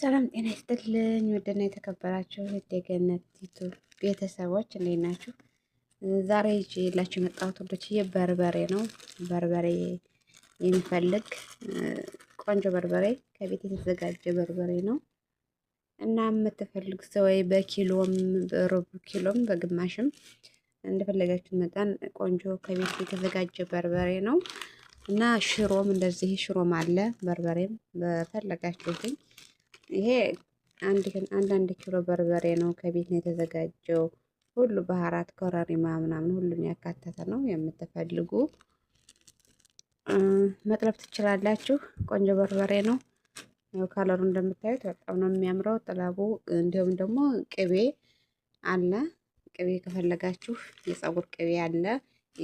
ሰላም ጤና ይስጥልኝ። ውድና የተከበራችሁ የገነት ዩቱብ ቤተሰቦች እንዴት ናችሁ? ዛሬ ይዤላችሁ የመጣሁት ውዶችዬ በርበሬ ነው። በርበሬ የሚፈልግ ቆንጆ በርበሬ ከቤት የተዘጋጀ በርበሬ ነው እና የምትፈልግ ሰወይ በኪሎም በሩብ ኪሎም በግማሽም እንደፈለጋችሁ መጠን ቆንጆ ከቤት የተዘጋጀ በርበሬ ነው። እና ሽሮም እንደዚህ ሽሮም አለ፣ በርበሬም በፈለጋችሁትኝ። ይሄ አንዳንድ ኪሎ በርበሬ ነው፣ ከቤት ነው የተዘጋጀው። ሁሉ ባህራት፣ ኮረሪማ ምናምን ሁሉ ያካተተ ነው። የምትፈልጉ መጥለብ ትችላላችሁ። ቆንጆ በርበሬ ነው። ያው ካለሩ እንደምታዩት በጣም ነው የሚያምረው ጥለቡ። እንዲሁም ደግሞ ቅቤ አለ። ቅቤ ከፈለጋችሁ የፀጉር ቅቤ አለ፣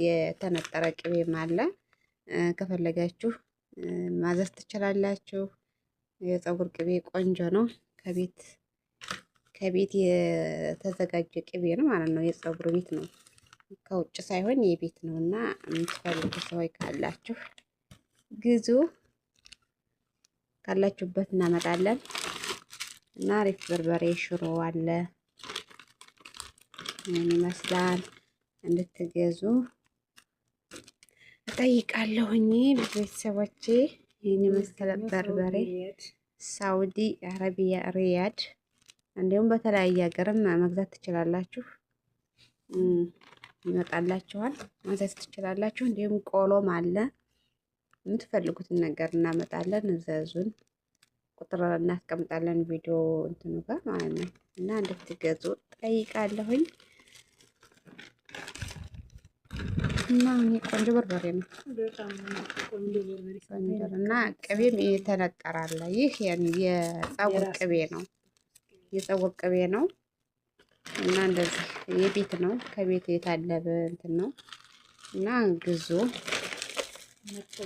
የተነጠረ ቅቤም አለ። ከፈለጋችሁ ማዘዝ ትችላላችሁ። የፀጉር ቅቤ ቆንጆ ነው። ከቤት ከቤት የተዘጋጀ ቅቤ ነው ማለት ነው። የፀጉር ቤት ነው፣ ከውጭ ሳይሆን የቤት ነው እና የምትፈልጉ ሰዎች ካላችሁ ግዙ። ካላችሁበት እናመጣለን እና አሪፍ በርበሬ ሽሮ አለ ይመስላል እንድትገዙ ጠይቃለሁኝ ቤተሰቦቼ። ይህን የመሰለ በርበሬ ሳውዲ አረቢያ ሪያድ፣ እንዲሁም በተለያየ ሀገርም መግዛት ትችላላችሁ። ይመጣላችኋል፣ መግዛት ትችላላችሁ። እንዲሁም ቆሎም አለ። የምትፈልጉትን ነገር እናመጣለን። እዘዙን፣ ቁጥር እናስቀምጣለን ቪዲዮ እንትኑ ጋር ማለት ነው እና እንድትገዙ ጠይቃለሁኝ። እና ቆንጆ በርበሬ ነው እና ቅቤም የተነጠራለ። ይህ የፀጉር ቅቤ ነው፣ የፀጉር ቅቤ ነው እና እንደዚህ የቤት ነው፣ ከቤት የታለበ እንትን ነው እና ግዙ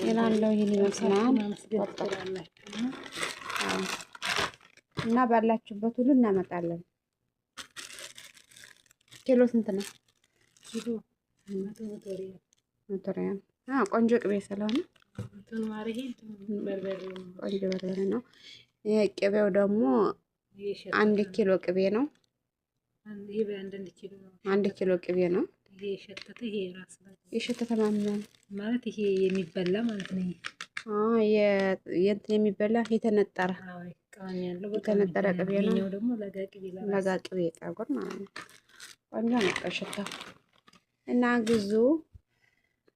ይላለው። ይህን ይመስላል እና ባላችሁበት ሁሉ እናመጣለን። ኪሎ ስንት ነው? መቶሪያ ቆንጆ ቅቤ ስለሆነ ቆንጆ በርበሬ ነው። ይሄ ቅቤው ደግሞ አንድ ኪሎ ቅቤ ነው። አንድ ኪሎ ቅቤ ነው። የሸተተ ማምናል ማለት ይሄ የሚበላ ማለት ነው። የእንትን የሚበላ የተነጠረ የተነጠረ ቅቤ ነው። ለጋ ቅቤ ጠጉር ማለት ነው። ቆንጆ ነው ሽታው እና ግዙ